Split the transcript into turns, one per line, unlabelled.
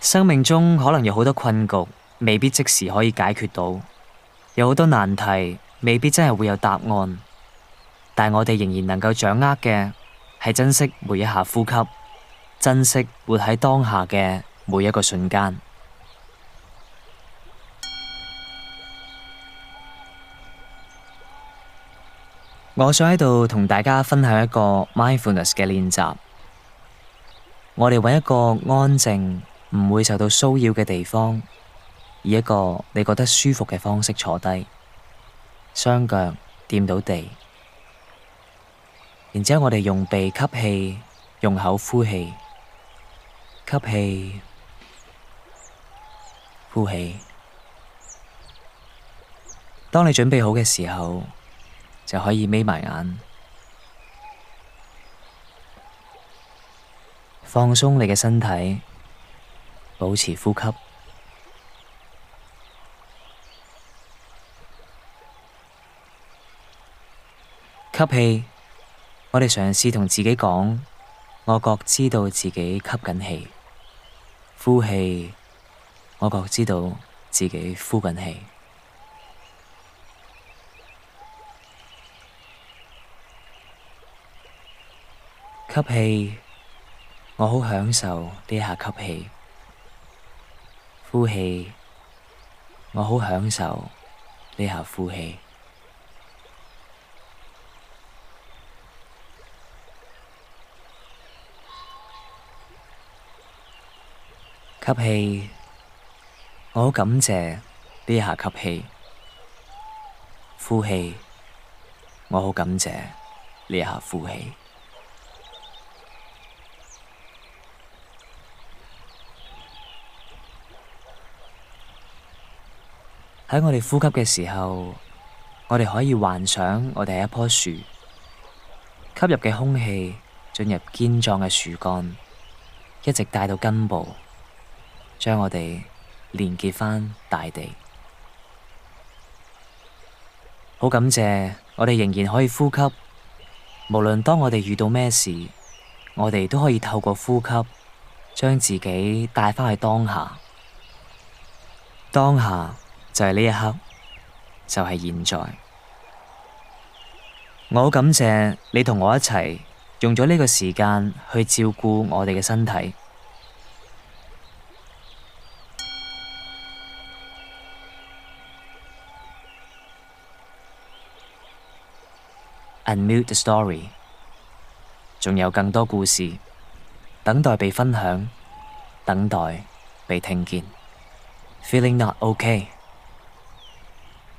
生命中可能有好多困局，未必即時可以解決到；有好多難題，未必真係會有答案。但我哋仍然能夠掌握嘅，係珍惜每一下呼吸，珍惜活喺當下嘅每一個瞬間。 我想喺度同大家分享一個 mindfulness 嘅練習。我哋揾一個安靜。唔會受到騷擾嘅地方，以一個你覺得舒服嘅方式坐低，雙腳掂到地，然之後我哋用鼻吸氣，用口呼氣，吸氣，呼氣。當你準備好嘅時候，就可以眯埋眼，放鬆你嘅身體。保持呼吸，吸氣，我哋嘗試同自己講，我覺知道自己吸緊氣；呼氣，我覺知道自己呼緊氣。吸氣，我好享受呢下吸氣。呼氣，我好享受呢下呼氣。吸氣，我好感謝呢下吸氣。呼氣，我好感謝呢下呼氣。喺我哋呼吸嘅時候，我哋可以幻想我哋係一棵樹，吸入嘅空氣進入堅壯嘅樹幹，一直帶到根部，將我哋連結翻大地。好感謝，我哋仍然可以呼吸。無論當我哋遇到咩事，我哋都可以透過呼吸，將自己帶返去當下。當下。就係呢一刻，就係現在。我好感謝你同我一齊用咗呢個時間去照顧我哋嘅身體。Unmute the story，仲有更多故事等待被分享，等待被聽見。Feeling not okay.